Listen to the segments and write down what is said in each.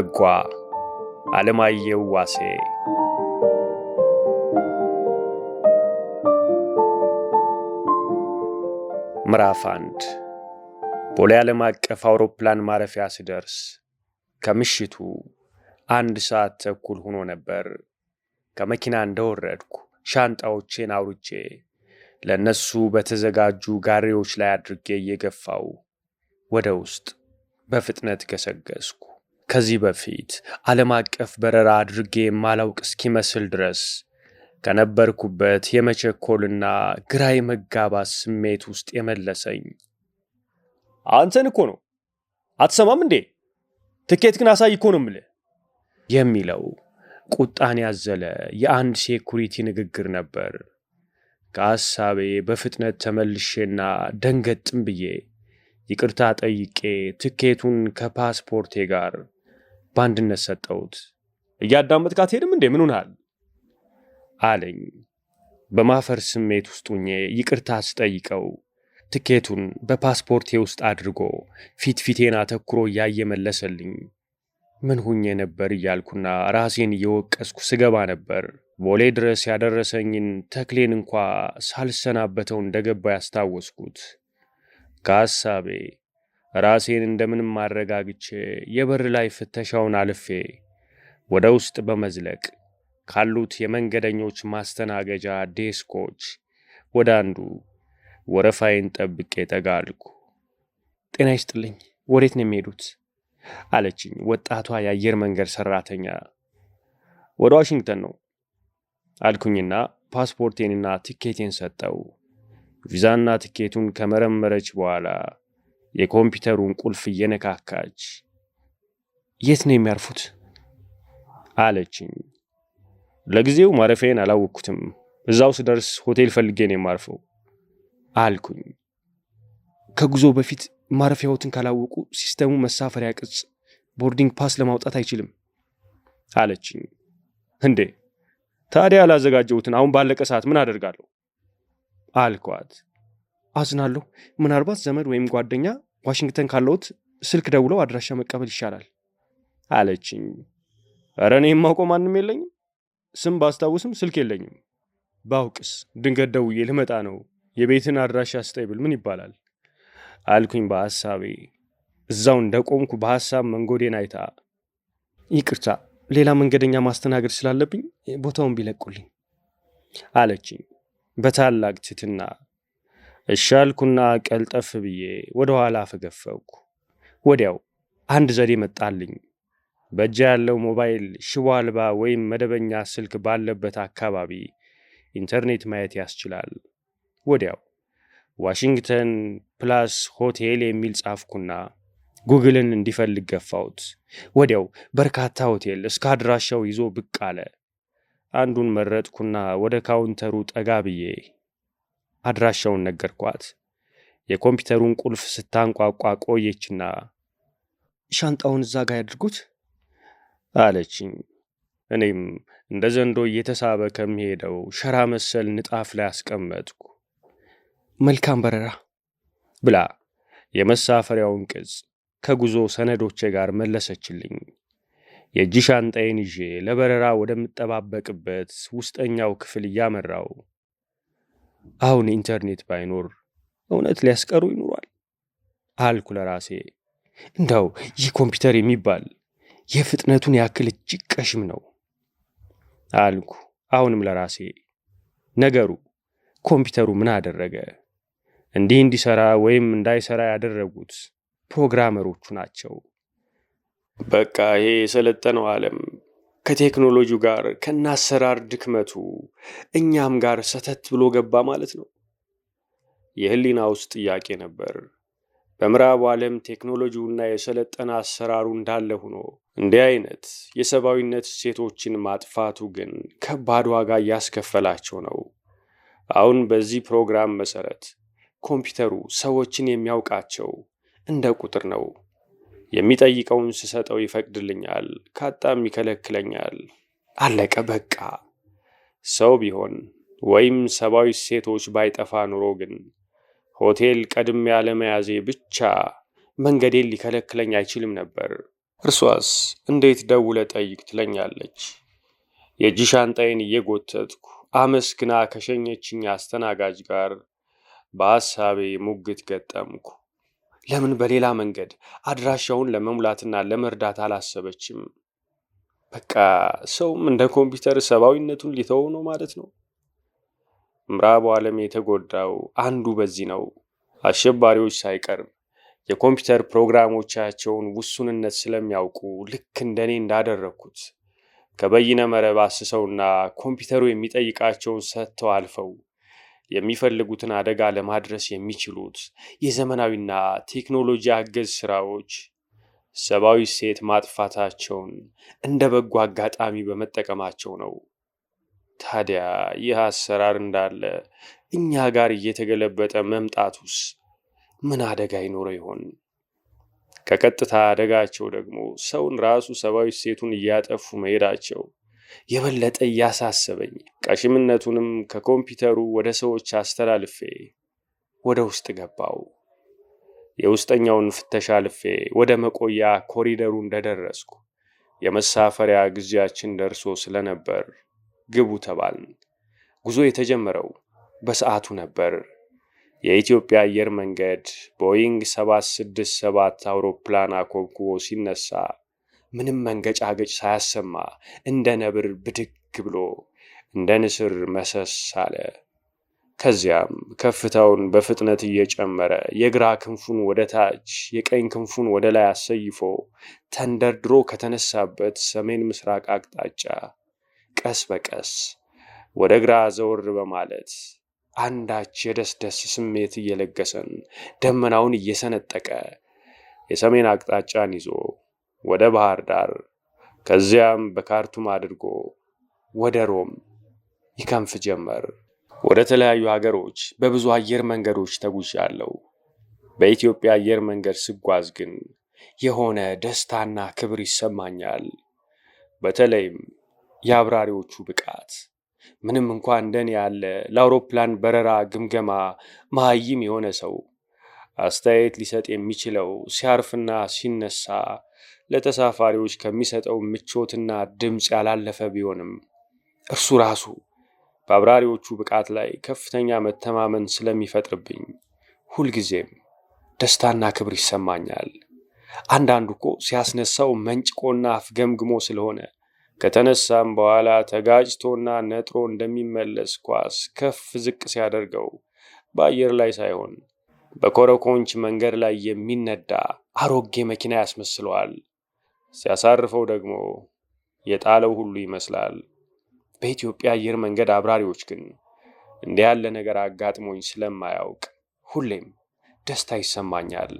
መጓ! አለማየሁ ዋሴ ምዕራፍ አንድ ቦሌ ዓለም አቀፍ አውሮፕላን ማረፊያ ስደርስ ከምሽቱ አንድ ሰዓት ተኩል ሆኖ ነበር። ከመኪና እንደወረድኩ ሻንጣዎቼን አውርቼ ለእነሱ በተዘጋጁ ጋሪዎች ላይ አድርጌ እየገፋው ወደ ውስጥ በፍጥነት ገሰገስኩ። ከዚህ በፊት ዓለም አቀፍ በረራ አድርጌ የማላውቅ እስኪመስል ድረስ ከነበርኩበት የመቸኮልና ግራ የመጋባት ስሜት ውስጥ የመለሰኝ አንተን እኮ ነው አትሰማም እንዴ ትኬት ግን አሳይ እኮ ነው ምል የሚለው ቁጣን ያዘለ የአንድ ሴኩሪቲ ንግግር ነበር። ከሐሳቤ በፍጥነት ተመልሼና ደንገጥም ብዬ ይቅርታ ጠይቄ ትኬቱን ከፓስፖርቴ ጋር በአንድነት ሰጠውት እያዳመጥካት ሄድም እንዴ ምን ሆናል አለኝ። በማፈር ስሜት ውስጥ ሁኜ ይቅርታ ስጠይቀው ትኬቱን በፓስፖርቴ ውስጥ አድርጎ ፊት ፊቴን አተኩሮ እያየ መለሰልኝ። ምን ሁኜ ነበር እያልኩና ራሴን እየወቀስኩ ስገባ ነበር ቦሌ ድረስ ያደረሰኝን ተክሌን እንኳ ሳልሰናበተው እንደገባ ያስታወስኩት ከሀሳቤ ራሴን እንደምንም አረጋግቼ የበር ላይ ፍተሻውን አልፌ ወደ ውስጥ በመዝለቅ ካሉት የመንገደኞች ማስተናገጃ ዴስኮች ወደ አንዱ ወረፋዬን ጠብቄ ጠጋልኩ። ጤና ይስጥልኝ፣ ወዴት ነው የሚሄዱት? አለችኝ ወጣቷ የአየር መንገድ ሰራተኛ። ወደ ዋሽንግተን ነው አልኩኝና ፓስፖርቴንና ትኬቴን ሰጠው። ቪዛና ትኬቱን ከመረመረች በኋላ የኮምፒውተሩን ቁልፍ እየነካካች የት ነው የሚያርፉት አለችኝ። ለጊዜው ማረፊያን አላወቅኩትም። እዛው ስደርስ ሆቴል ፈልጌን የማርፈው አልኩኝ። ከጉዞ በፊት ማረፊያዎትን ካላወቁ ሲስተሙ መሳፈሪያ ቅጽ ቦርዲንግ ፓስ ለማውጣት አይችልም አለችኝ። እንዴ ታዲያ ያላዘጋጀሁትን አሁን ባለቀ ሰዓት ምን አደርጋለሁ? አልኳት። አዝናለሁ። ምናልባት ዘመድ ወይም ጓደኛ ዋሽንግተን ካለውት ስልክ ደውለው አድራሻ መቀበል ይሻላል አለችኝ። እረ እኔ የማውቀው ማንም የለኝም። ስም ባስታውስም ስልክ የለኝም። ባውቅስ ድንገት ደውዬ ልመጣ ነው። የቤትን አድራሻ ስጠኝ ብል ምን ይባላል አልኩኝ በሐሳቤ። እዛው እንደቆምኩ በሐሳብ መንጎዴን አይታ ይቅርታ፣ ሌላ መንገደኛ ማስተናገድ ስላለብኝ ቦታውን ቢለቁልኝ አለችኝ በታላቅ ትህትና። እሻልኩና ቀልጠፍ ብዬ ወደ ኋላ ፈገፈግኩ። ወዲያው አንድ ዘዴ መጣልኝ። በእጃ ያለው ሞባይል ሽቦ አልባ ወይም መደበኛ ስልክ ባለበት አካባቢ ኢንተርኔት ማየት ያስችላል። ወዲያው ዋሽንግተን ፕላስ ሆቴል የሚል ጻፍኩና ጉግልን እንዲፈልግ ገፋሁት። ወዲያው በርካታ ሆቴል እስከ አድራሻው ይዞ ብቅ አለ። አንዱን መረጥኩና ወደ ካውንተሩ ጠጋ ብዬ አድራሻውን ነገርኳት። የኮምፒውተሩን ቁልፍ ስታንቋቋ ቆየችና ሻንጣውን እዛ ጋር ያድርጉት አለችኝ። እኔም እንደ ዘንዶ እየተሳበ ከሚሄደው ሸራ መሰል ንጣፍ ላይ አስቀመጥኩ። መልካም በረራ ብላ የመሳፈሪያውን ቅጽ ከጉዞ ሰነዶቼ ጋር መለሰችልኝ። የእጅ ሻንጣዬን ይዤ ለበረራ ወደምጠባበቅበት ውስጠኛው ክፍል እያመራው አሁን ኢንተርኔት ባይኖር እውነት ሊያስቀሩ ይኑሯል አልኩ ለራሴ። እንዳው ይህ ኮምፒውተር የሚባል የፍጥነቱን ያክል እጅግ ቀሽም ነው አልኩ አሁንም ለራሴ። ነገሩ ኮምፒውተሩ ምን አደረገ? እንዲህ እንዲሰራ ወይም እንዳይሰራ ያደረጉት ፕሮግራመሮቹ ናቸው። በቃ ይሄ የሰለጠነው ዓለም ከቴክኖሎጂው ጋር ከናሰራር ድክመቱ እኛም ጋር ሰተት ብሎ ገባ ማለት ነው። የህሊና ውስጥ ጥያቄ ነበር። በምዕራቡ ዓለም ቴክኖሎጂውና የሰለጠነ አሰራሩ እንዳለ ሆኖ እንዲህ አይነት የሰብአዊነት እሴቶችን ማጥፋቱ ግን ከባድ ዋጋ እያስከፈላቸው ነው። አሁን በዚህ ፕሮግራም መሰረት ኮምፒውተሩ ሰዎችን የሚያውቃቸው እንደ ቁጥር ነው። የሚጠይቀውን ስሰጠው ይፈቅድልኛል፣ ካጣም ይከለክለኛል። አለቀ በቃ። ሰው ቢሆን ወይም ሰብአዊ ሴቶች ባይጠፋ ኑሮ ግን ሆቴል ቀድም ያለመያዜ ብቻ መንገዴን ሊከለክለኝ አይችልም ነበር። እርሷስ እንዴት ደውለ ጠይቅ ትለኛለች። የእጅ ሻንጣዬን እየጎተትኩ አመስግና ከሸኘችኝ አስተናጋጅ ጋር በሐሳቤ ሙግት ገጠምኩ። ለምን በሌላ መንገድ አድራሻውን ለመሙላትና ለመርዳት አላሰበችም? በቃ ሰውም እንደ ኮምፒውተር ሰብአዊነቱን ሊተው ነው ማለት ነው። ምዕራቡ ዓለም የተጎዳው አንዱ በዚህ ነው። አሸባሪዎች ሳይቀርብ የኮምፒውተር ፕሮግራሞቻቸውን ውሱንነት ስለሚያውቁ ልክ እንደኔ እንዳደረግኩት ከበይነ መረብ አስሰውና ኮምፒውተሩ የሚጠይቃቸውን ሰጥተው አልፈው የሚፈልጉትን አደጋ ለማድረስ የሚችሉት የዘመናዊና ቴክኖሎጂ አገዝ ስራዎች ሰብአዊ ሴት ማጥፋታቸውን እንደ በጎ አጋጣሚ በመጠቀማቸው ነው። ታዲያ ይህ አሰራር እንዳለ እኛ ጋር እየተገለበጠ መምጣቱስ ምን አደጋ ይኖረው ይሆን? ከቀጥታ አደጋቸው ደግሞ ሰውን ራሱ ሰብአዊ ሴቱን እያጠፉ መሄዳቸው የበለጠ እያሳሰበኝ ቀሽምነቱንም ከኮምፒውተሩ ወደ ሰዎች አስተላልፌ ወደ ውስጥ ገባው። የውስጠኛውን ፍተሻ አልፌ ወደ መቆያ ኮሪደሩ እንደደረስኩ የመሳፈሪያ ጊዜያችን ደርሶ ስለነበር ግቡ ተባልን። ጉዞ የተጀመረው በሰዓቱ ነበር። የኢትዮጵያ አየር መንገድ ቦይንግ 767 አውሮፕላን አኮብኩቦ ሲነሳ ምንም መንገጫገጭ ሳያሰማ እንደ ነብር ብድግ ብሎ እንደ ንስር መሰስ አለ። ከዚያም ከፍታውን በፍጥነት እየጨመረ የግራ ክንፉን ወደ ታች የቀኝ ክንፉን ወደ ላይ አሰይፎ ተንደርድሮ ከተነሳበት ሰሜን ምስራቅ አቅጣጫ ቀስ በቀስ ወደ ግራ ዘወር በማለት አንዳች የደስደስ ስሜት እየለገሰን ደመናውን እየሰነጠቀ የሰሜን አቅጣጫን ይዞ ወደ ባህር ዳር ከዚያም በካርቱም አድርጎ ወደ ሮም ይከንፍ ጀመር። ወደ ተለያዩ ሀገሮች በብዙ አየር መንገዶች ተጉዣለሁ። በኢትዮጵያ አየር መንገድ ስጓዝ ግን የሆነ ደስታና ክብር ይሰማኛል። በተለይም የአብራሪዎቹ ብቃት ምንም እንኳን እንደኔ ያለ ለአውሮፕላን በረራ ግምገማ መሀይም የሆነ ሰው አስተያየት ሊሰጥ የሚችለው ሲያርፍና ሲነሳ ለተሳፋሪዎች ከሚሰጠው ምቾትና ድምፅ ያላለፈ ቢሆንም እርሱ ራሱ በአብራሪዎቹ ብቃት ላይ ከፍተኛ መተማመን ስለሚፈጥርብኝ ሁልጊዜም ደስታና ክብር ይሰማኛል። አንዳንዱ እኮ ሲያስነሳው መንጭቆና አፍገምግሞ ስለሆነ ከተነሳም በኋላ ተጋጭቶና ነጥሮ እንደሚመለስ ኳስ ከፍ ዝቅ ሲያደርገው በአየር ላይ ሳይሆን በኮረኮንች መንገድ ላይ የሚነዳ አሮጌ መኪና ያስመስለዋል። ሲያሳርፈው ደግሞ የጣለው ሁሉ ይመስላል። በኢትዮጵያ አየር መንገድ አብራሪዎች ግን እንዲህ ያለ ነገር አጋጥሞኝ ስለማያውቅ ሁሌም ደስታ ይሰማኛል።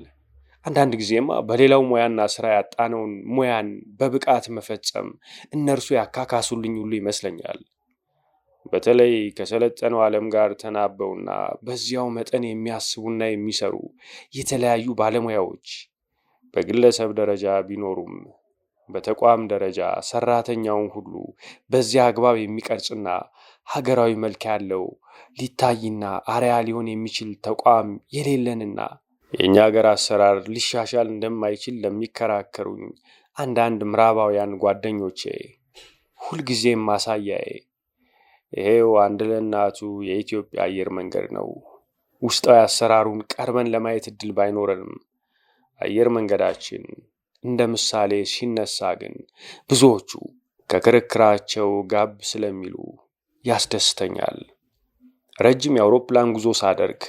አንዳንድ ጊዜማ በሌላው ሙያና ስራ ያጣነውን ሙያን በብቃት መፈጸም እነርሱ ያካካሱልኝ ሁሉ ይመስለኛል። በተለይ ከሰለጠነው ዓለም ጋር ተናበውና በዚያው መጠን የሚያስቡና የሚሰሩ የተለያዩ ባለሙያዎች በግለሰብ ደረጃ ቢኖሩም በተቋም ደረጃ ሰራተኛውን ሁሉ በዚያ አግባብ የሚቀርጽና ሀገራዊ መልክ ያለው ሊታይና አርያ ሊሆን የሚችል ተቋም የሌለንና የእኛ ሀገር አሰራር ሊሻሻል እንደማይችል ለሚከራከሩኝ አንዳንድ ምዕራባውያን ጓደኞቼ ሁልጊዜም ማሳያዬ ይሄው አንድ ለእናቱ የኢትዮጵያ አየር መንገድ ነው። ውስጣዊ አሰራሩን ቀርበን ለማየት እድል ባይኖረንም አየር መንገዳችን እንደ ምሳሌ ሲነሳ ግን ብዙዎቹ ከክርክራቸው ጋብ ስለሚሉ ያስደስተኛል። ረጅም የአውሮፕላን ጉዞ ሳደርግ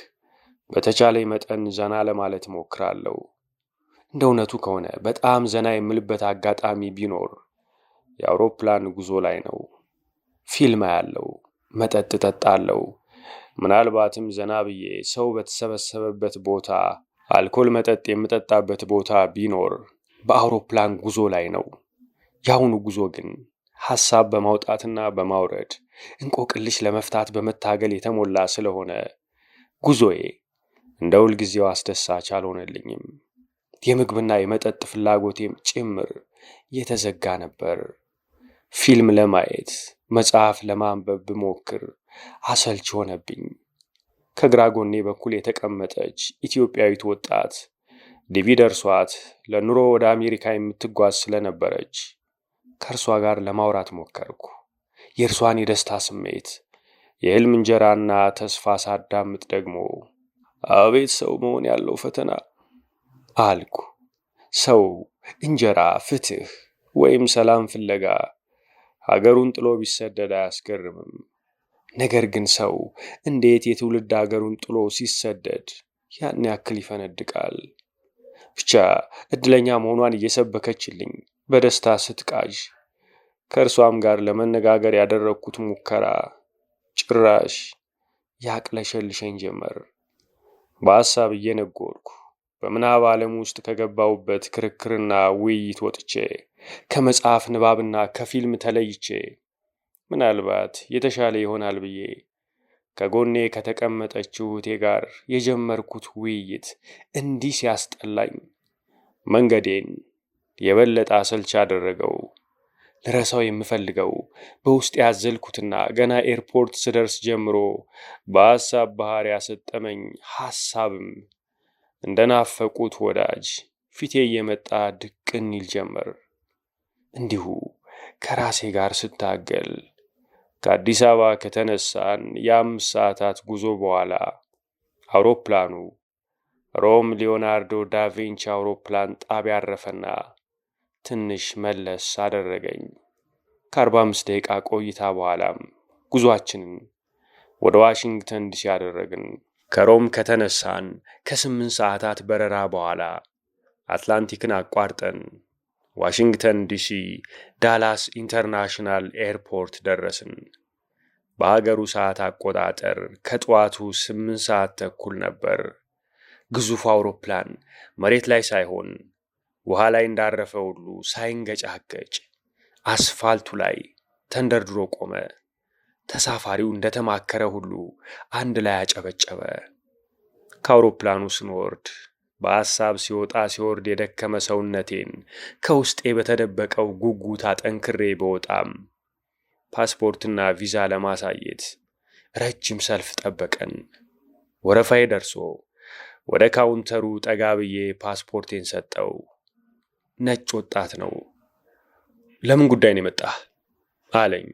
በተቻለ መጠን ዘና ለማለት እሞክራለሁ። እንደ እውነቱ ከሆነ በጣም ዘና የምልበት አጋጣሚ ቢኖር የአውሮፕላን ጉዞ ላይ ነው። ፊልም አያለው፣ መጠጥ እጠጣለሁ። ምናልባትም ዘና ብዬ ሰው በተሰበሰበበት ቦታ፣ አልኮል መጠጥ የምጠጣበት ቦታ ቢኖር በአውሮፕላን ጉዞ ላይ ነው። የአሁኑ ጉዞ ግን ሐሳብ በማውጣትና በማውረድ እንቆቅልሽ ለመፍታት በመታገል የተሞላ ስለሆነ ጉዞዬ እንደ ሁልጊዜው አስደሳች አልሆነልኝም። የምግብና የመጠጥ ፍላጎቴም ጭምር የተዘጋ ነበር። ፊልም ለማየት መጽሐፍ ለማንበብ ብሞክር አሰልች ሆነብኝ። ከግራ ጎኔ በኩል የተቀመጠች ኢትዮጵያዊት ወጣት ዲቪ ደርሷት ለኑሮ ወደ አሜሪካ የምትጓዝ ስለነበረች ከእርሷ ጋር ለማውራት ሞከርኩ። የእርሷን የደስታ ስሜት የህልም እንጀራና ተስፋ ሳዳምጥ ደግሞ አቤት ሰው መሆን ያለው ፈተና አልኩ። ሰው እንጀራ፣ ፍትህ ወይም ሰላም ፍለጋ ሀገሩን ጥሎ ቢሰደድ አያስገርምም። ነገር ግን ሰው እንዴት የትውልድ ሀገሩን ጥሎ ሲሰደድ ያን ያክል ይፈነድቃል? ብቻ እድለኛ መሆኗን እየሰበከችልኝ በደስታ ስትቃዥ ከእርሷም ጋር ለመነጋገር ያደረግኩት ሙከራ ጭራሽ ያቅለሸልሸኝ ጀመር። በሐሳብ እየነጎርኩ በምናብ ዓለም ውስጥ ከገባሁበት ክርክርና ውይይት ወጥቼ ከመጽሐፍ ንባብና ከፊልም ተለይቼ ምናልባት የተሻለ ይሆናል ብዬ ከጎኔ ከተቀመጠችው እህቴ ጋር የጀመርኩት ውይይት እንዲህ ሲያስጠላኝ መንገዴን የበለጠ አሰልች አደረገው። ልረሳው የምፈልገው በውስጥ ያዘልኩትና ገና ኤርፖርት ስደርስ ጀምሮ በሐሳብ ባህር ያሰጠመኝ ሐሳብም እንደናፈቁት ወዳጅ ፊቴ እየመጣ ድቅን ይል ጀመር። እንዲሁ ከራሴ ጋር ስታገል ከአዲስ አበባ ከተነሳን የአምስት ሰዓታት ጉዞ በኋላ አውሮፕላኑ ሮም ሊዮናርዶ ዳቪንች አውሮፕላን ጣቢያ አረፈና ትንሽ መለስ አደረገኝ ከአርባ አምስት ደቂቃ ቆይታ በኋላም ጉዟችንን ወደ ዋሽንግተን ዲሲ አደረግን። ከሮም ከተነሳን ከስምንት ሰዓታት በረራ በኋላ አትላንቲክን አቋርጠን ዋሽንግተን ዲሲ ዳላስ ኢንተርናሽናል ኤርፖርት ደረስን። በአገሩ ሰዓት አቆጣጠር ከጠዋቱ ስምንት ሰዓት ተኩል ነበር። ግዙፉ አውሮፕላን መሬት ላይ ሳይሆን ውሃ ላይ እንዳረፈ ሁሉ ሳይንገጫገጭ አስፋልቱ ላይ ተንደርድሮ ቆመ። ተሳፋሪው እንደተማከረ ሁሉ አንድ ላይ አጨበጨበ። ከአውሮፕላኑ ስንወርድ በሐሳብ ሲወጣ ሲወርድ የደከመ ሰውነቴን ከውስጤ በተደበቀው ጉጉት አጠንክሬ በወጣም ፓስፖርትና ቪዛ ለማሳየት ረጅም ሰልፍ ጠበቀን። ወረፋዬ ደርሶ ወደ ካውንተሩ ጠጋ ብዬ ፓስፖርቴን ሰጠው። ነጭ ወጣት ነው። ለምን ጉዳይ ነው የመጣህ አለኝ።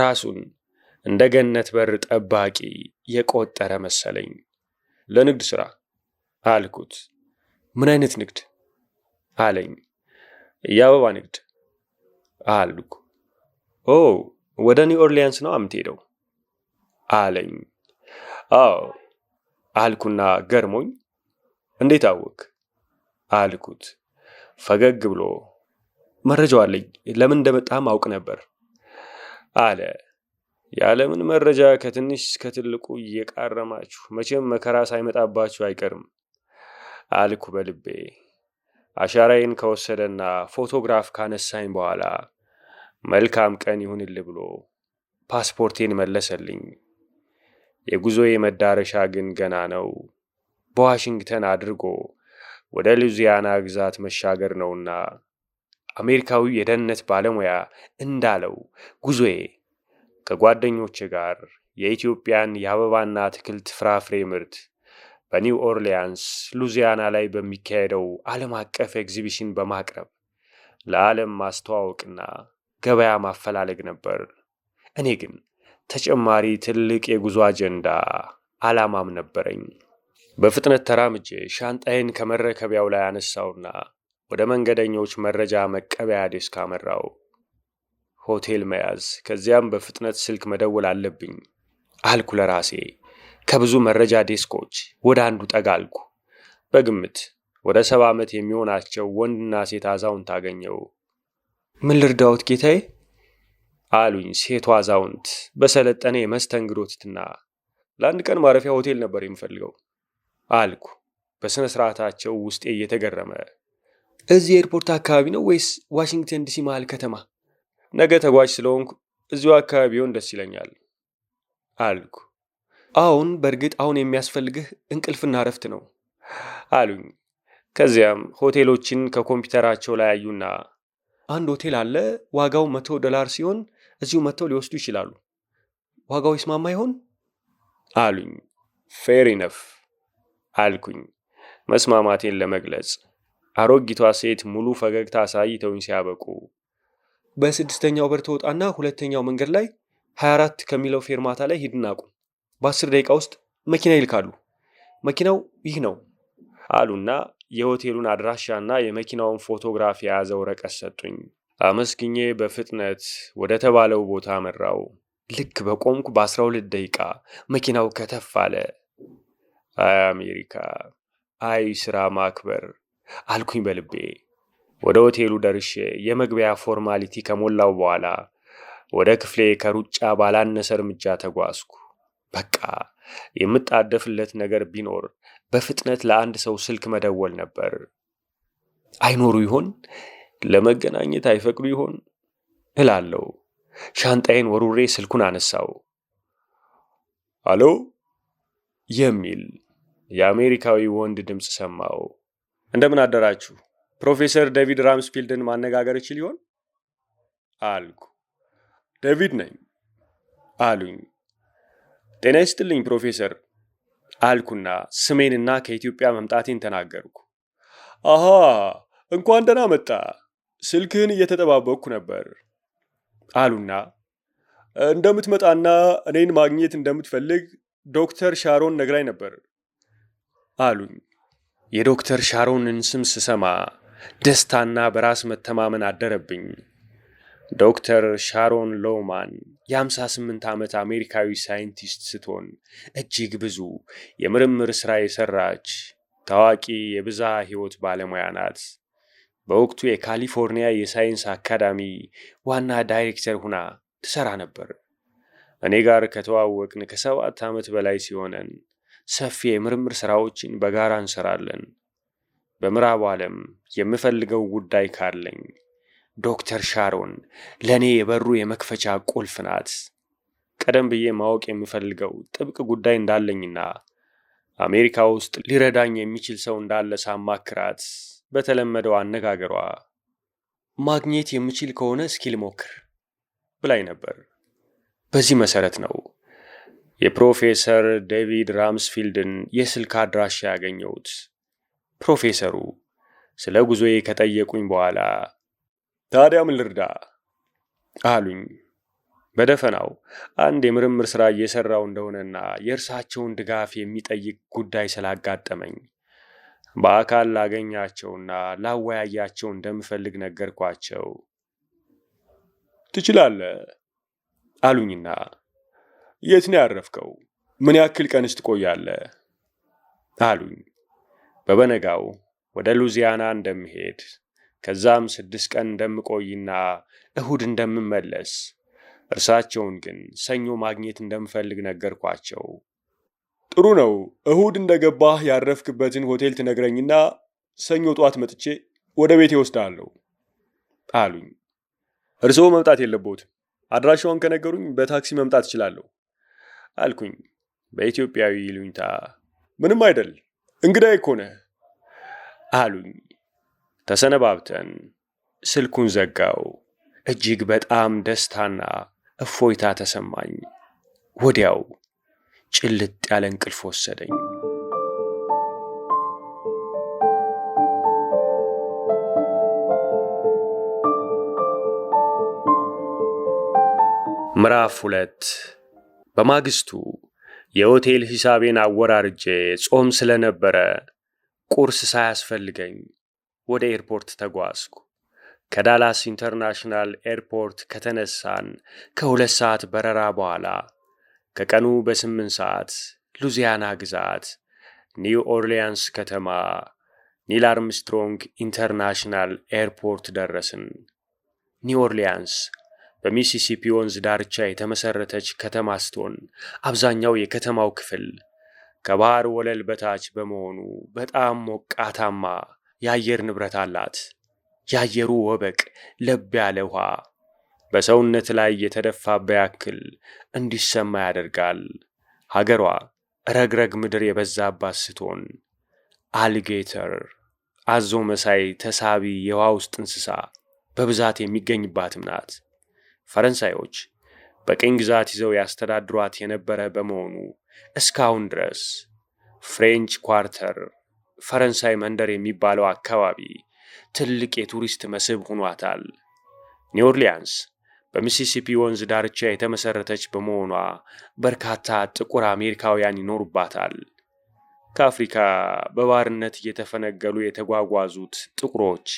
ራሱን እንደ ገነት በር ጠባቂ የቆጠረ መሰለኝ። ለንግድ ሥራ አልኩት። ምን አይነት ንግድ አለኝ። የአበባ ንግድ አልኩ። ኦ ወደ ኒው ኦርሊያንስ ነው የምትሄደው አለኝ። አዎ አልኩና ገርሞኝ እንዴት አወቅ አልኩት። ፈገግ ብሎ መረጃው አለኝ፣ ለምን እንደመጣህም አውቅ ነበር አለ። ያለምን መረጃ ከትንሽ እስከ ትልቁ እየቃረማችሁ መቼም መከራ ሳይመጣባችሁ አይቀርም። አልኩ በልቤ አሻራዬን ከወሰደና ፎቶግራፍ ካነሳኝ በኋላ መልካም ቀን ይሁንል ብሎ ፓስፖርቴን መለሰልኝ። የጉዞዬ መዳረሻ ግን ገና ነው። በዋሽንግተን አድርጎ ወደ ሉዚያና ግዛት መሻገር ነውና አሜሪካዊ የደህንነት ባለሙያ እንዳለው ጉዞዬ ከጓደኞቼ ጋር የኢትዮጵያን የአበባና አትክልት ፍራፍሬ ምርት በኒው ኦርሊያንስ ሉዚያና ላይ በሚካሄደው ዓለም አቀፍ ኤግዚቢሽን በማቅረብ ለዓለም ማስተዋወቅና ገበያ ማፈላለግ ነበር። እኔ ግን ተጨማሪ ትልቅ የጉዞ አጀንዳ ዓላማም ነበረኝ። በፍጥነት ተራምጄ ሻንጣዬን ከመረከቢያው ላይ አነሳውና ወደ መንገደኞች መረጃ መቀበያ ዴስክ አመራው። ሆቴል መያዝ፣ ከዚያም በፍጥነት ስልክ መደወል አለብኝ አልኩ ለራሴ። ከብዙ መረጃ ዴስኮች ወደ አንዱ ጠጋልኩ። አልኩ። በግምት ወደ ሰባ ዓመት የሚሆናቸው ወንድና ሴት አዛውንት አገኘው። ምን ልርዳዎት ጌታዬ? አሉኝ ሴቷ አዛውንት በሰለጠነ የመስተንግዶ ለአንድ ቀን ማረፊያ ሆቴል ነበር የምፈልገው አልኩ በሥነ ሥርዓታቸው ውስጤ እየተገረመ። እዚህ ኤርፖርት አካባቢ ነው ወይስ ዋሽንግተን ዲሲ መሃል ከተማ? ነገ ተጓዥ ስለሆንኩ እዚሁ አካባቢውን ደስ ይለኛል አልኩ። አሁን በእርግጥ አሁን የሚያስፈልግህ እንቅልፍና እረፍት ነው አሉኝ። ከዚያም ሆቴሎችን ከኮምፒውተራቸው ላይ አዩና አንድ ሆቴል አለ፣ ዋጋው መቶ ዶላር ሲሆን እዚሁ መጥተው ሊወስዱ ይችላሉ። ዋጋው ይስማማ ይሆን አሉኝ። ፌር ኢነፍ አልኩኝ መስማማቴን ለመግለጽ። አሮጊቷ ሴት ሙሉ ፈገግታ አሳይተውኝ ሲያበቁ በስድስተኛው በር ትወጣና ሁለተኛው መንገድ ላይ 24 ከሚለው ፌርማታ ላይ ሂድና ቁም በአስር ደቂቃ ውስጥ መኪና ይልካሉ። መኪናው ይህ ነው አሉና የሆቴሉን አድራሻና የመኪናውን ፎቶግራፍ የያዘ ወረቀት ሰጡኝ። አመስግኜ በፍጥነት ወደ ተባለው ቦታ መራው። ልክ በቆምኩ በ12 ደቂቃ መኪናው ከተፍ አለ። አይ አሜሪካ፣ አይ ስራ ማክበር አልኩኝ በልቤ። ወደ ሆቴሉ ደርሼ የመግቢያ ፎርማሊቲ ከሞላው በኋላ ወደ ክፍሌ ከሩጫ ባላነሰ እርምጃ ተጓዝኩ። በቃ የምጣደፍለት ነገር ቢኖር በፍጥነት ለአንድ ሰው ስልክ መደወል ነበር። አይኖሩ ይሆን? ለመገናኘት አይፈቅዱ ይሆን እላለው ሻንጣዬን ወሩሬ ስልኩን አነሳው። አሎ የሚል የአሜሪካዊ ወንድ ድምፅ ሰማው። እንደምን አደራችሁ? ፕሮፌሰር ዴቪድ ራምስፊልድን ማነጋገር ይችል ይሆን አልኩ። ዴቪድ ነኝ አሉኝ። ጤና ይስጥልኝ ፕሮፌሰር አልኩና ስሜንና ከኢትዮጵያ መምጣቴን ተናገርኩ። አሃ እንኳን ደና መጣ፣ ስልክህን እየተጠባበቅኩ ነበር አሉና እንደምትመጣና እኔን ማግኘት እንደምትፈልግ ዶክተር ሻሮን ነግራኝ ነበር አሉኝ። የዶክተር ሻሮንን ስም ስሰማ ደስታና በራስ መተማመን አደረብኝ። ዶክተር ሻሮን ሎማን የ58 ዓመት አሜሪካዊ ሳይንቲስት ስትሆን እጅግ ብዙ የምርምር ሥራ የሠራች ታዋቂ የብዝሃ ሕይወት ባለሙያ ናት። በወቅቱ የካሊፎርኒያ የሳይንስ አካዳሚ ዋና ዳይሬክተር ሁና ትሠራ ነበር። እኔ ጋር ከተዋወቅን ከሰባት ዓመት በላይ ሲሆነን ሰፊ የምርምር ሥራዎችን በጋራ እንሠራለን። በምዕራቡ ዓለም የምፈልገው ጉዳይ ካለኝ ዶክተር ሻሮን ለእኔ የበሩ የመክፈቻ ቁልፍ ናት። ቀደም ብዬ ማወቅ የሚፈልገው ጥብቅ ጉዳይ እንዳለኝና አሜሪካ ውስጥ ሊረዳኝ የሚችል ሰው እንዳለ ሳማክራት በተለመደው አነጋገሯ ማግኘት የምችል ከሆነ እስኪ ልሞክር ብላኝ ነበር። በዚህ መሰረት ነው የፕሮፌሰር ዴቪድ ራምስፊልድን የስልክ አድራሻ ያገኘሁት። ፕሮፌሰሩ ስለ ጉዞዬ ከጠየቁኝ በኋላ ታዲያ ምን ልርዳ አሉኝ። በደፈናው አንድ የምርምር ሥራ እየሠራው እንደሆነና የእርሳቸውን ድጋፍ የሚጠይቅ ጉዳይ ስላጋጠመኝ በአካል ላገኛቸውና ላወያያቸው እንደምፈልግ ነገርኳቸው። ትችላለህ አሉኝና የት ነው ያረፍከው? ምን ያክል ቀንስ ትቆያለህ? አሉኝ። በበነጋው ወደ ሉዚያና እንደምሄድ ከዛም ስድስት ቀን እንደምቆይና እሁድ እንደምመለስ፣ እርሳቸውን ግን ሰኞ ማግኘት እንደምፈልግ ነገርኳቸው። ጥሩ ነው፣ እሁድ እንደገባህ ያረፍክበትን ሆቴል ትነግረኝና ሰኞ ጠዋት መጥቼ ወደ ቤቴ ወስዳለሁ አሉኝ። እርስዎ መምጣት የለቦት፣ አድራሻውን ከነገሩኝ በታክሲ መምጣት እችላለሁ አልኩኝ በኢትዮጵያዊ ይሉኝታ። ምንም አይደል እንግዳ ይኮነ አሉኝ። ተሰነባብተን ስልኩን ዘጋው። እጅግ በጣም ደስታና እፎይታ ተሰማኝ። ወዲያው ጭልጥ ያለ እንቅልፍ ወሰደኝ። ምዕራፍ ሁለት በማግስቱ የሆቴል ሂሳቤን አወራርጄ ጾም ስለነበረ ቁርስ ሳያስፈልገኝ ወደ ኤርፖርት ተጓዝኩ። ከዳላስ ኢንተርናሽናል ኤርፖርት ከተነሳን ከሁለት ሰዓት በረራ በኋላ ከቀኑ በስምንት ሰዓት ሉዚያና ግዛት ኒው ኦርሊያንስ ከተማ ኒል አርምስትሮንግ ኢንተርናሽናል ኤርፖርት ደረስን። ኒው ኦርሊያንስ በሚሲሲፒ ወንዝ ዳርቻ የተመሠረተች ከተማ ስትሆን አብዛኛው የከተማው ክፍል ከባህር ወለል በታች በመሆኑ በጣም ሞቃታማ የአየር ንብረት አላት። የአየሩ ወበቅ ለብ ያለ ውሃ በሰውነት ላይ የተደፋበ ያክል እንዲሰማ ያደርጋል። ሀገሯ ረግረግ ምድር የበዛባት ስትሆን አሊጌተር አዞ መሳይ ተሳቢ የውሃ ውስጥ እንስሳ በብዛት የሚገኝባትም ናት። ፈረንሳዮች በቅኝ ግዛት ይዘው ያስተዳድሯት የነበረ በመሆኑ እስካሁን ድረስ ፍሬንች ኳርተር ፈረንሳይ መንደር የሚባለው አካባቢ ትልቅ የቱሪስት መስህብ ሆኗታል። ኒው ኦርሊያንስ በሚሲሲፒ ወንዝ ዳርቻ የተመሠረተች በመሆኗ በርካታ ጥቁር አሜሪካውያን ይኖሩባታል። ከአፍሪካ በባርነት እየተፈነገሉ የተጓጓዙት ጥቁሮች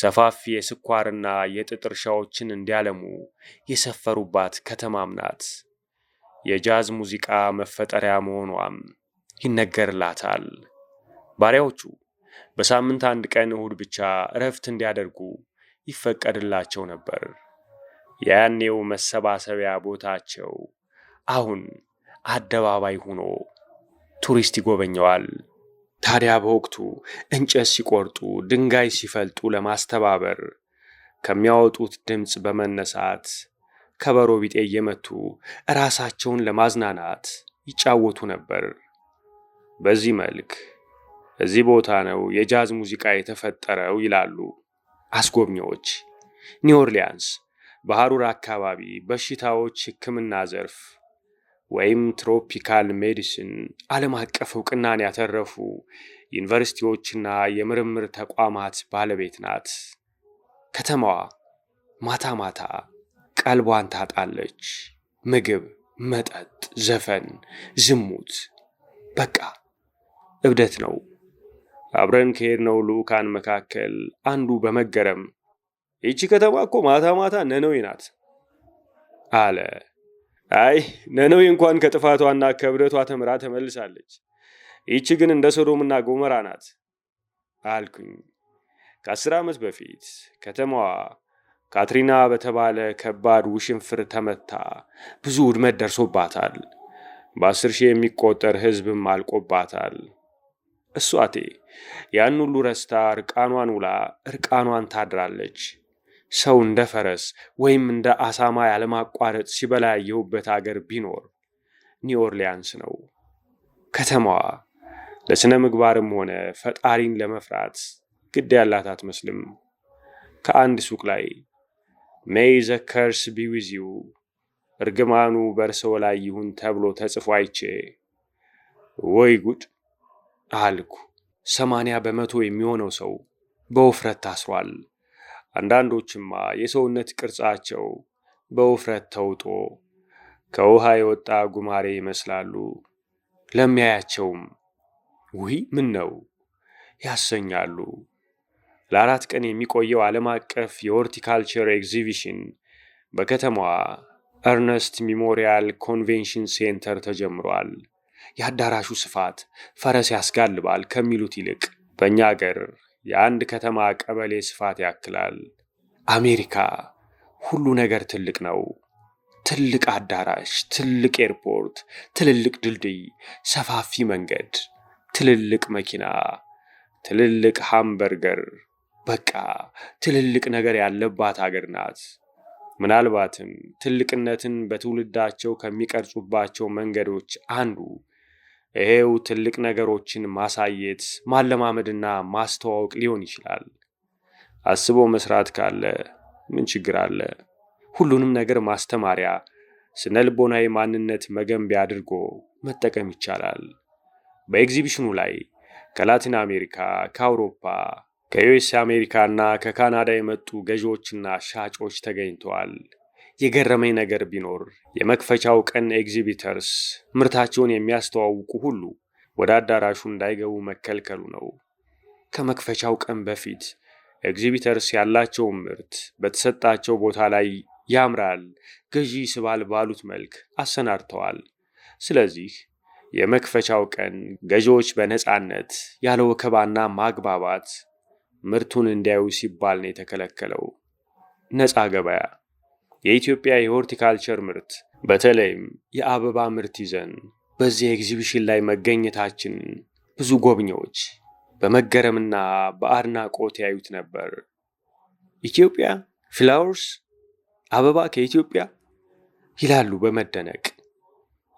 ሰፋፊ የስኳርና የጥጥ እርሻዎችን እንዲያለሙ የሰፈሩባት ከተማም ናት። የጃዝ ሙዚቃ መፈጠሪያ መሆኗም ይነገርላታል። ባሪያዎቹ በሳምንት አንድ ቀን እሁድ ብቻ እረፍት እንዲያደርጉ ይፈቀድላቸው ነበር። ያኔው መሰባሰቢያ ቦታቸው አሁን አደባባይ ሆኖ ቱሪስት ይጎበኘዋል። ታዲያ በወቅቱ እንጨት ሲቆርጡ፣ ድንጋይ ሲፈልጡ ለማስተባበር ከሚያወጡት ድምፅ በመነሳት ከበሮ ቢጤ እየመቱ ራሳቸውን ለማዝናናት ይጫወቱ ነበር። በዚህ መልክ እዚህ ቦታ ነው የጃዝ ሙዚቃ የተፈጠረው ይላሉ አስጎብኚዎች። ኒው ኦርሊያንስ በሐሩር አካባቢ በሽታዎች ሕክምና ዘርፍ ወይም ትሮፒካል ሜዲሲን ዓለም አቀፍ እውቅናን ያተረፉ ዩኒቨርሲቲዎችና የምርምር ተቋማት ባለቤት ናት። ከተማዋ ማታ ማታ ቀልቧን ታጣለች። ምግብ፣ መጠጥ፣ ዘፈን፣ ዝሙት፣ በቃ እብደት ነው። አብረን ከሄድነው ልዑካን መካከል አንዱ በመገረም ይቺ ከተማ እኮ ማታ ማታ ነነዌ ናት አለ። አይ ነነዌ እንኳን ከጥፋቷና ከብደቷ ተምራ ተመልሳለች። ይቺ ግን እንደ ሶዶምና ጎመራ ናት አልኩኝ። ከአስር ዓመት በፊት ከተማዋ ካትሪና በተባለ ከባድ ውሽንፍር ተመታ፣ ብዙ ውድመት ደርሶባታል። በአስር ሺህ የሚቆጠር ሕዝብም አልቆባታል። እሷቴ ያን ሁሉ ረስታ እርቃኗን ውላ እርቃኗን ታድራለች። ሰው እንደ ፈረስ ወይም እንደ አሳማ ያለማቋረጥ ሲበላ ያየሁበት አገር ቢኖር ኒው ኦርሊያንስ ነው። ከተማዋ ለሥነ ምግባርም ሆነ ፈጣሪን ለመፍራት ግድ ያላት አትመስልም። ከአንድ ሱቅ ላይ ሜይ ዘ ከርስ እርግማኑ በእርስዎ ላይ ይሁን ተብሎ ተጽፎ አይቼ ወይ ጉድ አልኩ። ሰማንያ በመቶ የሚሆነው ሰው በውፍረት ታስሯል። አንዳንዶችማ የሰውነት ቅርጻቸው በውፍረት ተውጦ ከውሃ የወጣ ጉማሬ ይመስላሉ። ለሚያያቸውም ውይ ምን ነው ያሰኛሉ። ለአራት ቀን የሚቆየው ዓለም አቀፍ የሆርቲካልቸር ኤግዚቢሽን በከተማዋ እርነስት ሚሞሪያል ኮንቬንሽን ሴንተር ተጀምሯል። የአዳራሹ ስፋት ፈረስ ያስጋልባል ከሚሉት ይልቅ በእኛ አገር የአንድ ከተማ ቀበሌ ስፋት ያክላል። አሜሪካ ሁሉ ነገር ትልቅ ነው። ትልቅ አዳራሽ፣ ትልቅ ኤርፖርት፣ ትልልቅ ድልድይ፣ ሰፋፊ መንገድ፣ ትልልቅ መኪና፣ ትልልቅ ሃምበርገር፣ በቃ ትልልቅ ነገር ያለባት አገር ናት። ምናልባትም ትልቅነትን በትውልዳቸው ከሚቀርጹባቸው መንገዶች አንዱ ይሄው ትልቅ ነገሮችን ማሳየት ማለማመድና ማስተዋወቅ ሊሆን ይችላል። አስቦ መስራት ካለ ምን ችግር አለ? ሁሉንም ነገር ማስተማሪያ፣ ስነልቦናዊ ማንነት መገንቢያ አድርጎ መጠቀም ይቻላል። በኤግዚቢሽኑ ላይ ከላቲን አሜሪካ፣ ከአውሮፓ፣ ከዩኤስ አሜሪካ እና ከካናዳ የመጡ ገዢዎችና ሻጮች ተገኝተዋል። የገረመኝ ነገር ቢኖር የመክፈቻው ቀን ኤግዚቢተርስ ምርታቸውን የሚያስተዋውቁ ሁሉ ወደ አዳራሹ እንዳይገቡ መከልከሉ ነው። ከመክፈቻው ቀን በፊት ኤግዚቢተርስ ያላቸውን ምርት በተሰጣቸው ቦታ ላይ ያምራል፣ ገዢ ስባል ባሉት መልክ አሰናድተዋል። ስለዚህ የመክፈቻው ቀን ገዢዎች በነፃነት ያለ ወከባና ማግባባት ምርቱን እንዲያዩ ሲባል ነው የተከለከለው። ነፃ ገበያ የኢትዮጵያ የሆርቲካልቸር ምርት በተለይም የአበባ ምርት ይዘን በዚህ ኤግዚቢሽን ላይ መገኘታችን ብዙ ጎብኚዎች በመገረምና በአድናቆት ያዩት ነበር። ኢትዮጵያ ፍላወርስ አበባ ከኢትዮጵያ ይላሉ በመደነቅ።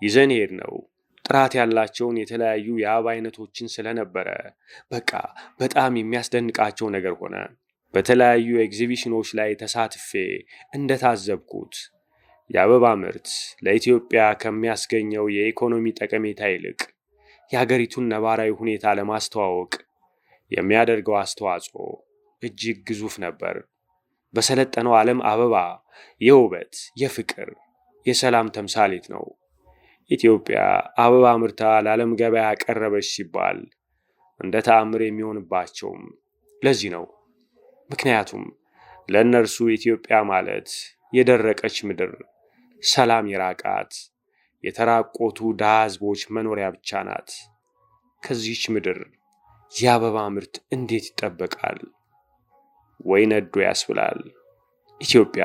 ይዘን ሄድ ነው ጥራት ያላቸውን የተለያዩ የአበባ አይነቶችን ስለነበረ በቃ በጣም የሚያስደንቃቸው ነገር ሆነ። በተለያዩ ኤግዚቢሽኖች ላይ ተሳትፌ እንደታዘብኩት የአበባ ምርት ለኢትዮጵያ ከሚያስገኘው የኢኮኖሚ ጠቀሜታ ይልቅ የአገሪቱን ነባራዊ ሁኔታ ለማስተዋወቅ የሚያደርገው አስተዋጽኦ እጅግ ግዙፍ ነበር። በሰለጠነው ዓለም አበባ የውበት፣ የፍቅር፣ የሰላም ተምሳሌት ነው። ኢትዮጵያ አበባ ምርታ ለዓለም ገበያ ቀረበች ሲባል እንደ ተአምር የሚሆንባቸውም ለዚህ ነው። ምክንያቱም ለእነርሱ ኢትዮጵያ ማለት የደረቀች ምድር፣ ሰላም የራቃት፣ የተራቆቱ ድሃ መኖሪያ ብቻ ናት። ከዚህች ምድር የአበባ ምርት እንዴት ይጠበቃል? ወይ ነዶ ያስብላል። ኢትዮጵያ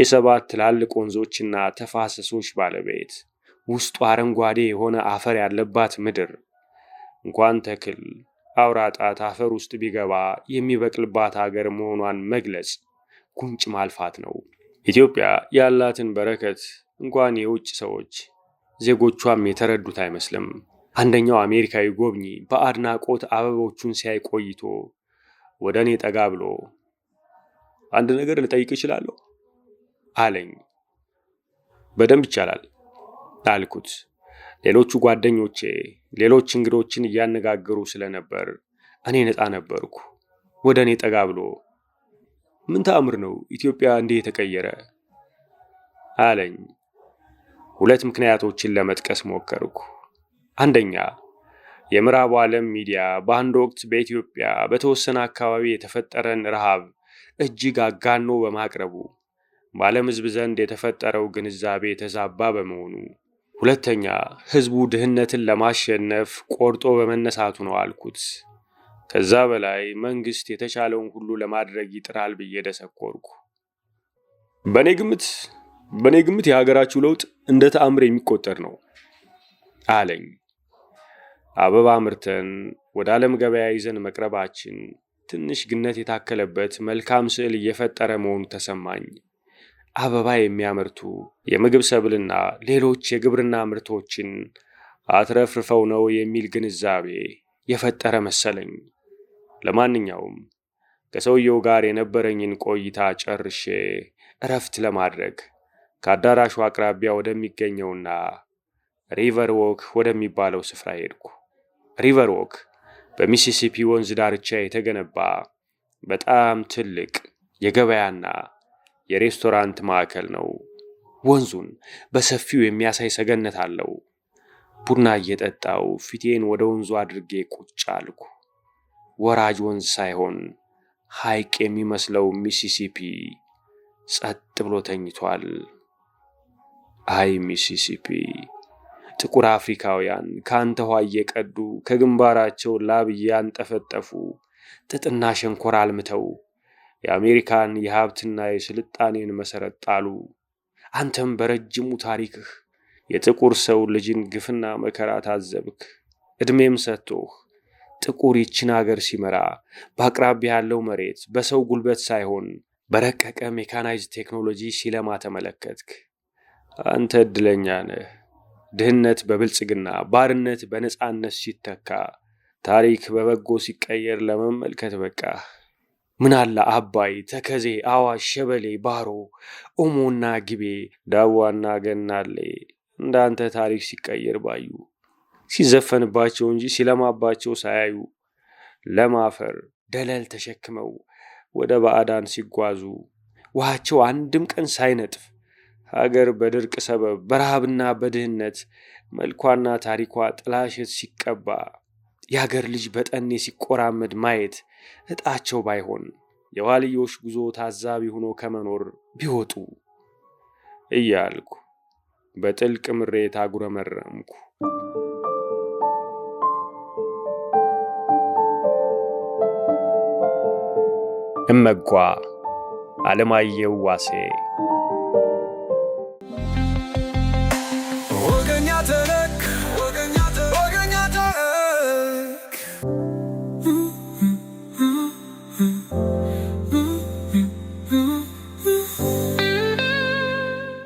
የሰባት ትላልቅ ወንዞችና ተፋሰሶች ባለቤት፣ ውስጡ አረንጓዴ የሆነ አፈር ያለባት ምድር እንኳን ተክል አውራ ጣት አፈር ውስጥ ቢገባ የሚበቅልባት ሀገር መሆኗን መግለጽ ጉንጭ ማልፋት ነው። ኢትዮጵያ ያላትን በረከት እንኳን የውጭ ሰዎች ዜጎቿም የተረዱት አይመስልም። አንደኛው አሜሪካዊ ጎብኚ በአድናቆት አበቦቹን ሲያይ ቆይቶ ወደ እኔ ጠጋ ብሎ አንድ ነገር ልጠይቅ እችላለሁ አለኝ። በደንብ ይቻላል አልኩት። ሌሎቹ ጓደኞቼ ሌሎች እንግዶችን እያነጋገሩ ስለነበር እኔ ነፃ ነበርኩ። ወደ እኔ ጠጋ ብሎ ምን ተአምር ነው ኢትዮጵያ እንዲህ የተቀየረ አለኝ። ሁለት ምክንያቶችን ለመጥቀስ ሞከርኩ። አንደኛ የምዕራቡ ዓለም ሚዲያ በአንድ ወቅት በኢትዮጵያ በተወሰነ አካባቢ የተፈጠረን ረሃብ እጅግ አጋኖ በማቅረቡ በዓለም ሕዝብ ዘንድ የተፈጠረው ግንዛቤ የተዛባ በመሆኑ ሁለተኛ ህዝቡ ድህነትን ለማሸነፍ ቆርጦ በመነሳቱ ነው አልኩት። ከዛ በላይ መንግስት የተቻለውን ሁሉ ለማድረግ ይጥራል ብዬ ደሰኮርኩ። በእኔ ግምት በእኔ ግምት የሀገራችሁ ለውጥ እንደ ተአምር የሚቆጠር ነው አለኝ። አበባ ምርተን ወደ ዓለም ገበያ ይዘን መቅረባችን ትንሽ ግነት የታከለበት መልካም ስዕል እየፈጠረ መሆኑ ተሰማኝ። አበባ የሚያመርቱ የምግብ ሰብልና ሌሎች የግብርና ምርቶችን አትረፍርፈው ነው የሚል ግንዛቤ የፈጠረ መሰለኝ። ለማንኛውም ከሰውየው ጋር የነበረኝን ቆይታ ጨርሼ እረፍት ለማድረግ ከአዳራሹ አቅራቢያ ወደሚገኘውና ሪቨር ዎክ ወደሚባለው ስፍራ ሄድኩ። ሪቨር ዎክ በሚሲሲፒ ወንዝ ዳርቻ የተገነባ በጣም ትልቅ የገበያና የሬስቶራንት ማዕከል ነው። ወንዙን በሰፊው የሚያሳይ ሰገነት አለው። ቡና እየጠጣው ፊቴን ወደ ወንዙ አድርጌ ቁጭ አልኩ። ወራጅ ወንዝ ሳይሆን ሐይቅ የሚመስለው ሚሲሲፒ ጸጥ ብሎ ተኝቷል። አይ ሚሲሲፒ፣ ጥቁር አፍሪካውያን ከአንተ ውሃ እየቀዱ ከግንባራቸው ላብ እያንጠፈጠፉ ጥጥና ሸንኮራ አልምተው የአሜሪካን የሀብትና የስልጣኔን መሰረት ጣሉ። አንተም በረጅሙ ታሪክህ የጥቁር ሰው ልጅን ግፍና መከራ ታዘብክ፣ ዕድሜም ሰጥቶህ ጥቁር ይችን አገር ሲመራ በአቅራቢያ ያለው መሬት በሰው ጉልበት ሳይሆን በረቀቀ ሜካናይዝ ቴክኖሎጂ ሲለማ ተመለከትክ። አንተ ዕድለኛ ነህ። ድህነት በብልጽግና ባርነት በነፃነት ሲተካ ታሪክ በበጎ ሲቀየር ለመመልከት በቃህ። ምናለ አባይ፣ ተከዜ፣ አዋሽ፣ ሸበሌ፣ ባሮ፣ ኦሞና ግቤ፣ ዳዋና ገናሌ እንዳንተ ታሪክ ሲቀየር ባዩ ሲዘፈንባቸው እንጂ ሲለማባቸው ሳያዩ ለማፈር ደለል ተሸክመው ወደ ባዕዳን ሲጓዙ ውሃቸው አንድም ቀን ሳይነጥፍ ሀገር በድርቅ ሰበብ በረሃብና በድህነት መልኳና ታሪኳ ጥላሸት ሲቀባ የሀገር ልጅ በጠኔ ሲቆራመድ ማየት እጣቸው ባይሆን የዋልዮሽ ጉዞ ታዛቢ ሆኖ ከመኖር ቢወጡ እያልኩ በጥልቅ ምሬት አጉረመረምኩ። እመጓ አለማየሁ ዋሴ